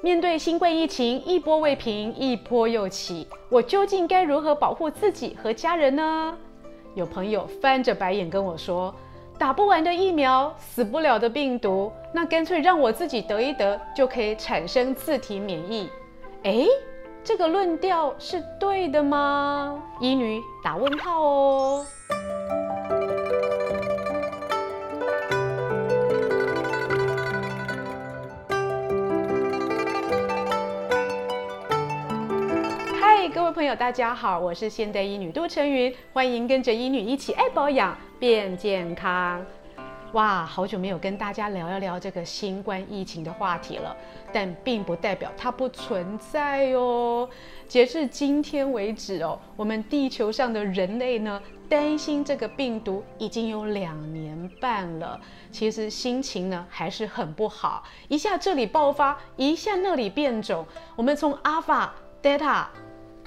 面對新冠疫情，一波未平，一波又起，我究竟該如何保護自己和家人呢？有朋友翻着白眼跟我說：“打不完的疫苗，死不了的病毒，那乾脆讓我自己得一得，就可以產生自體免疫。”哎，這個論調是對的嗎？醫女打問號哦。朋友，大家好，我是現代醫女杜成云，歡迎跟着醫女一起愛保養變健康。哇，好久沒有跟大家聊一聊這個新冠疫情的話題了，但並不代表它不存在哦。截至今天為止哦，我們地球上的人類呢，擔心這個病毒已經有兩年半了，其實心情呢還是很不好，一下這裡爆發，一下那裡變種，我們從 Alpha、Delta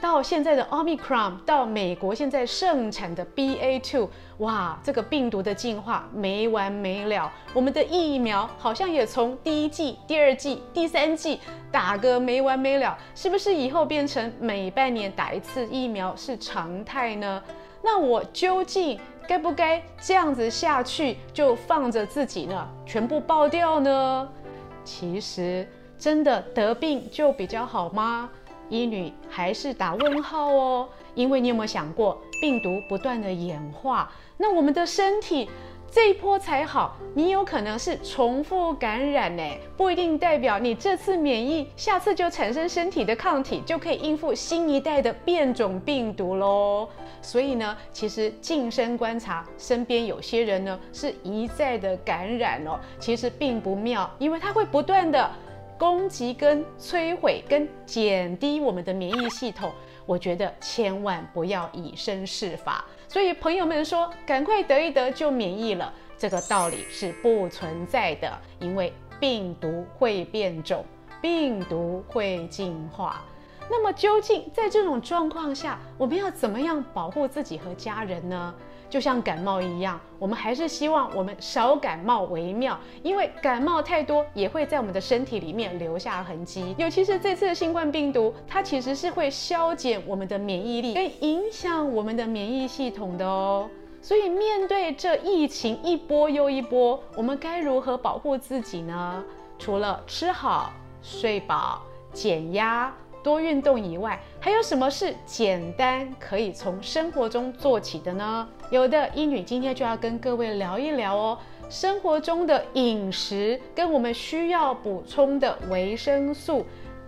到現在的 Omicron，到美國現在盛產的 BA2，哇，這個病毒的進化沒完沒了。我們的疫苗好像也從第一劑、第二劑、第三劑打個沒完沒了，是不是以後變成每半年打一次疫苗是常態呢？那我究竟該不該這樣子下去就放着自己呢？全部爆掉呢？其實真的得病就比較好嗎？醫女還是打問號哦，因為你有沒有想過，病毒不斷的演化，那我們的身體這一波才好，你有可能是重複感染呢、欸，不一定代表你這次免疫，下次就產生身體的抗體，就可以應付新一代的變種病毒嘍。所以呢，其實近身觀察身邊有些人呢，是一再的感染哦，其實並不妙，因為它會不斷的。攻擊跟摧毀跟減低我們的免疫系統，我覺得千萬不要以身試法。所以朋友們說，趕快得一得就免疫了，這個道理是不存在的，因為病毒會變種，病毒會進化。那麼究竟在這種狀況下，我們要怎麼樣保護自己和家人呢？就像感冒一樣，我們還是希望我們少感冒為妙，因為感冒太多也會在我們的身體裡面留下痕迹。尤其是這次的新冠病毒，它其實是會削減我們的免疫力，跟影響我們的免疫系統的哦。所以面對這疫情一波又一波，我們該如何保護自己呢？除了吃好、睡飽、減壓、多運動以外，還有什麼是簡單可以從生活中做起的呢？有的醫女今天就要跟各位聊一聊哦，生活中的飲食跟我們需要補充的維生素，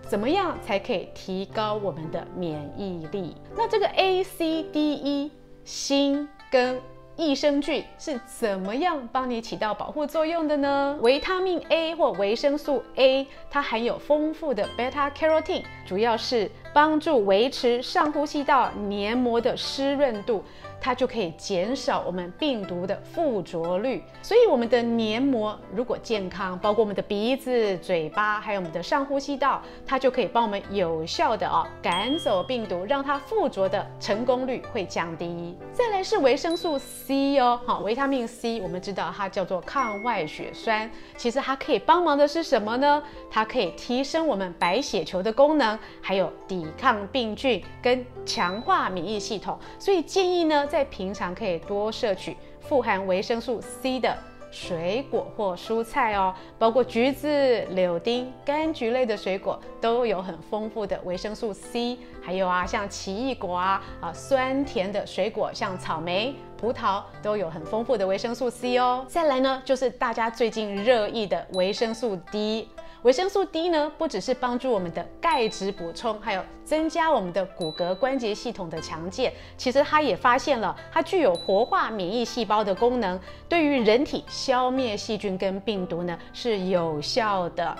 怎麼樣才可以提高我們的免疫力？那這個 A C D E 鋅跟益生菌是怎麼樣幫你起到保護作用的呢？維他命 A 或維生素 A，它含有豐富的 beta carotene，主要是幫助維持上呼吸道黏膜的濕潤度。它就可以減少我們病毒的附着率，所以我們的黏膜如果健康，包括我們的鼻子、嘴巴，還有我們的上呼吸道，它就可以幫我們有效的哦趕走病毒，讓它附着的成功率會降低。再來是維生素 C 哦，好，維他命 C 我們知道它叫做抗壞血酸，其實它可以幫忙的是什麼呢？它可以提升我們白血球的功能，還有抵抗病菌跟強化免疫系統，所以建議呢，在平常可以多攝取富含維生素 C 的水果或蔬菜哦，包括橘子、柳丁、柑橘類的水果都有很豐富的維生素 C，還有啊，像奇異果啊，啊酸甜的水果像草莓，葡萄都有很豐富的維生素 C 哦。再來呢，就是大家最近熱議的維生素 D。維生素 D 呢，不只是幫助我們的鈣質補充，還有增加我們的骨骼關節系統的強健。其實它也發現了，它具有活化免疫細胞的功能，對於人體消滅細菌跟病毒呢，是有效的。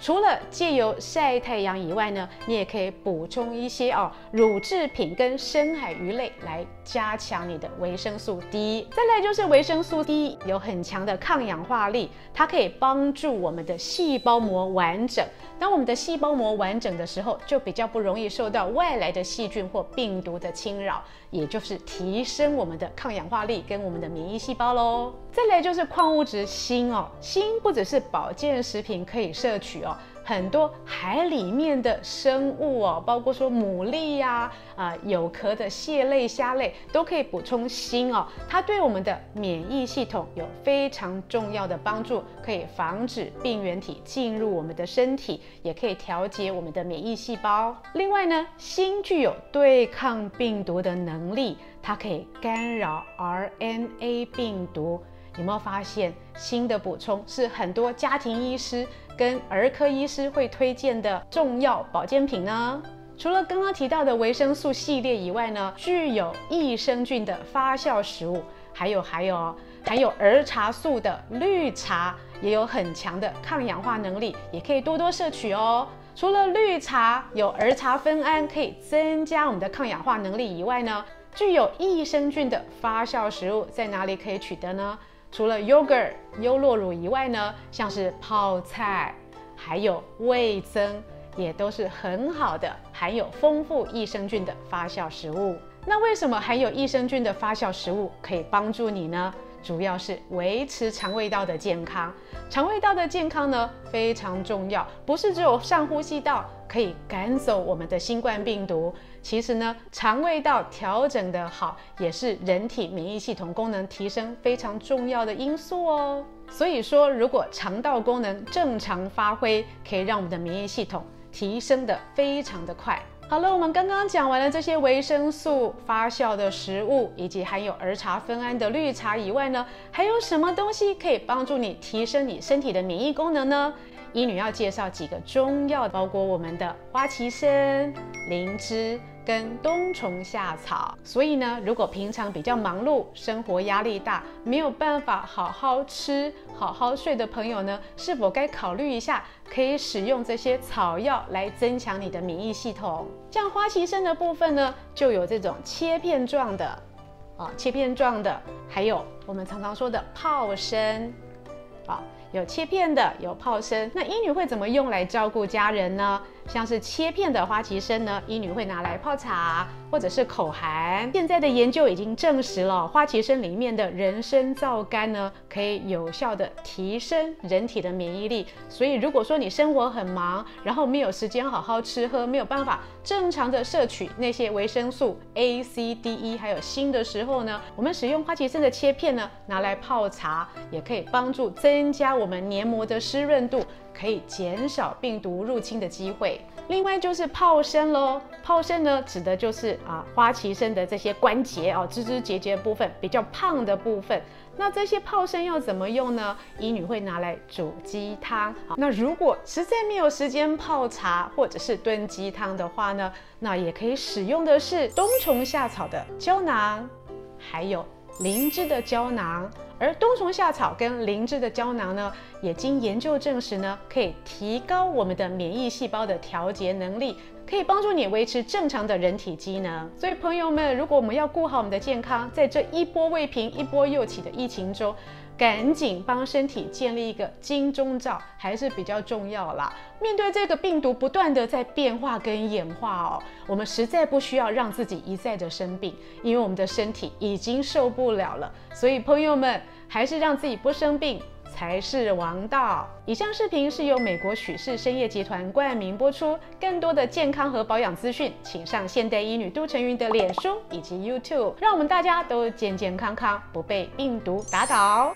除了借由曬太陽以外呢，你也可以補充一些哦，乳制品跟深海魚類來加強你的維生素 D。再來就是維生素 D 有很強的抗氧化力，它可以幫助我們的細胞膜完整。當我們的細胞膜完整的時候，就比較不容易受到外來的細菌或病毒的侵擾，也就是提升我們的抗氧化力跟我們的免疫細胞嘍。再來就是礦物質鋅哦，鋅不只是保健食品可以攝取哦。很多海裡面的生物哦，包括說牡蠣呀、啊、啊、呃、有殼的蟹類、蝦類，都可以補充鋅哦。它對我們的免疫系統有非常重要的幫助，可以防止病原體進入我們的身體，也可以調節我們的免疫細胞。另外呢，鋅具有對抗病毒的能力，它可以干擾 RNA 病毒。有沒有發現新的補充是很多家庭醫師跟兒科醫師會推薦的重要保健品呢？除了剛剛提到的維生素系列以外呢，具有益生菌的發酵食物，還有還有含有兒茶素的綠茶也有很強的抗氧化能力，也可以多多攝取哦。除了綠茶有兒茶酚胺可以增加我們的抗氧化能力以外呢，具有益生菌的發酵食物在哪裡可以取得呢？除了 yogurt、優酪乳以外呢，像是泡菜，還有味噌，也都是很好的含有豐富益生菌的發酵食物。那為什麼含有益生菌的發酵食物可以幫助你呢？主要是維持腸胃道的健康，腸胃道的健康呢，非常重要，不是只有上呼吸道可以趕走我們的新冠病毒。其實呢，腸胃道調整得好，也是人體免疫系統功能提升非常重要的因素哦。所以說，如果腸道功能正常發揮，可以讓我們的免疫系統提升得非常的快。好了，我們剛剛講完了這些維生素發酵的食物，以及含有兒茶酚胺的綠茶以外呢，還有什麼東西可以幫助你提升你身體的免疫功能呢？醫女要介紹幾個中藥，包括我們的花旗參、靈芝。跟冬蟲夏草，所以呢，如果平常比較忙碌，生活壓力大，沒有辦法好好吃、好好睡的朋友呢，是否該考慮一下，可以使用這些草藥來增強你的免疫系統？像花旗參的部分呢，就有這種切片狀的，啊，切片狀的，還有我們常常說的泡參，啊，有切片的，有泡參。那醫女會怎麼用來照顧家人呢？像是切片的花旗參呢，醫女會拿來泡茶或者是口含。現在的研究已經證實了，花旗參裡面的人參皂苷呢，可以有效的提升人體的免疫力。所以如果說你生活很忙，然後沒有時間好好吃喝，沒有辦法正常的攝取那些維生素 A、C、D、E，還有鋅的時候呢，我們使用花旗參的切片呢，拿來泡茶，也可以幫助增加我們黏膜的溼潤度，可以減少病毒入侵的機會。另外就是泡參嘍，泡參呢指的就是啊花旗參的這些關節哦，枝枝節節部分比較胖的部分。那這些泡參要怎麼用呢？醫女會拿來煮雞湯。那如果實在沒有時間泡茶或者是燉雞湯的話呢，那也可以使用的是冬蟲夏草的膠囊，還有靈芝的膠囊。而冬蟲夏草跟靈芝的膠囊呢，也經研究證實呢，可以提高我們的免疫細胞的調節能力，可以幫助你維持正常的人體機能。所以，朋友們，如果我們要顧好我們的健康，在這一波未平、一波又起的疫情中。趕緊幫身體建立一個金鐘罩，還是比較重要啦。面對這個病毒不斷的在變化跟演化哦，我們實在不需要讓自己一再的生病，因為我們的身體已經受不了了。所以朋友們，還是讓自己不生病。才是王道。以上視頻是由美國許氏參業集團冠名播出。更多的健康和保養資訊，請上現代醫女杜丞芸的臉書以及 YouTube。讓我們大家都健健康康，不被病毒打倒。